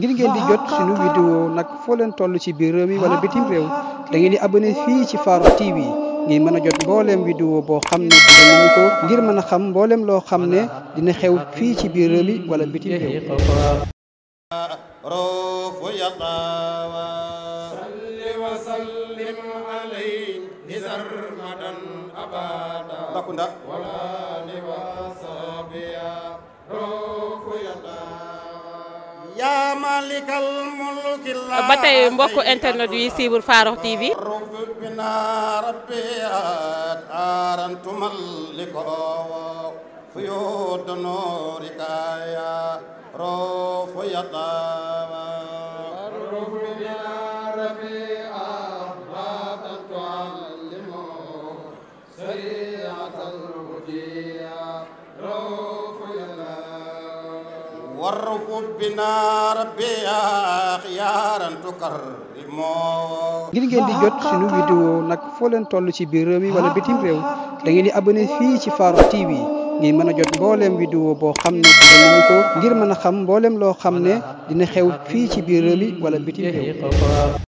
ngir ngeen di jot suñu vidéo nag foo leen toll ci biir réew mi wala bitim réew da ngeen di abonné fi ci Farokh TV ngir mën a jot mbooleem vidéo boo xam ne mën a xam mbooleem loo xam ne dina xew fii ci biir réew wala bitim réew roofu ba tey mbokku internet yi suivre Farokh TV. Lord. warkub ngir ngeen di jot suñu vidéo nag foo leen toll ci biir réew mi wala bitim réew da ngeen di abonné fii ci Farokh TV ngir mën a jot mbooleem vidéo boo xam ne dinañu ko ngir mën a xam mbooleem loo xam ne dina xew fii ci biir réew mi wala bitim réew